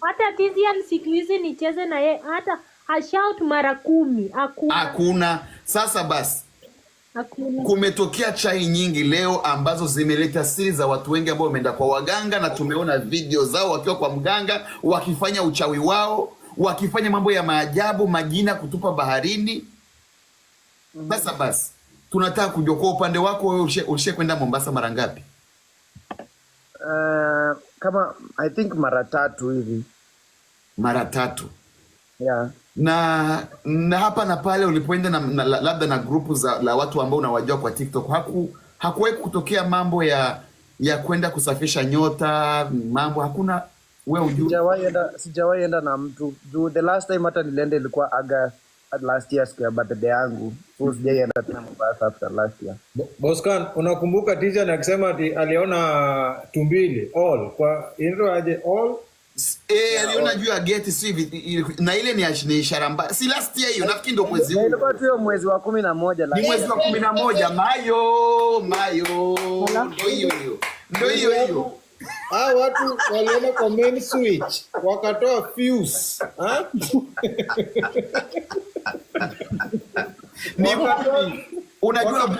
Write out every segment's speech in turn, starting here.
Hata Tizian siku hizi nicheze na ye hata ashout mara kumi hakuna. Hakuna. Sasa basi hakuna. Kumetokea chai nyingi leo ambazo zimeleta siri za watu wengi ambao wameenda kwa waganga na tumeona video zao wakiwa kwa mganga wakifanya uchawi wao, wakifanya mambo ya maajabu, majina kutupa baharini. Sasa basi tunataka kujua kwa upande wako wewe ushe, kwenda Mombasa mara ngapi? Uh kama I think mara tatu hivi, mara tatu yeah. Na, na hapa na pale ulipoenda na, na, labda na grupu za la watu ambao unawajua kwa TikTok, haku hakuwahi kutokea mambo ya ya kwenda kusafisha nyota mambo, hakuna wewe ujue? Sijawahi enda, sijawahi enda na mtu juu, the last time hata nilienda ilikuwa August last year siku ya birthday yangu unakumbuka akisema ati aliona tumbili all kwa aje all eh, aliona juu ya geti na ile ni Si last year hiyo nafikiri mwezi huu. Ilikuwa tu mwezi wa 11 Ni mwezi wa 11 Mayo, Mayo. Ndio hiyo hiyo. Ndio hiyo hiyo. watu waliona kwa main switch wakatoa fuse. Unajua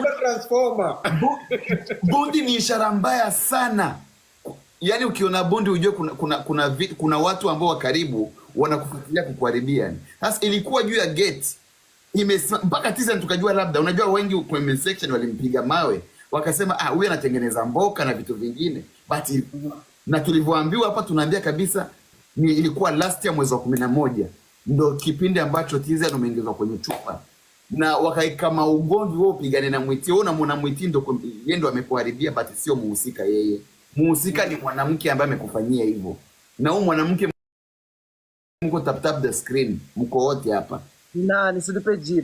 bundi ni ishara mbaya sana. Yaani ukiona bundi ujue kuna, kuna, kuna, kuna watu ambao wa karibu wanakufuatilia kukuharibia. Yani sasa ilikuwa juu ya gate mpaka tisa, tukajua labda, unajua wengi kwenye section walimpiga mawe wakasema, ah, huyu anatengeneza mboka na vitu vingine but, na tulivyoambiwa hapa tunaambia kabisa ni ilikuwa last ya mwezi wa kumi na moja ndo kipindi ambacho Tizan umeingizwa kwenye chupa na wakaikama ugomvi wao, pigane na Mwiti. Wewe unamwona Mwiti ndo yeye ndo amekuharibia, basi sio muhusika yeye. Muhusika ni mwanamke ambaye amekufanyia hivyo, na huyu mwanamke mko tap tap the screen, mko wote hapa na nisilipe jina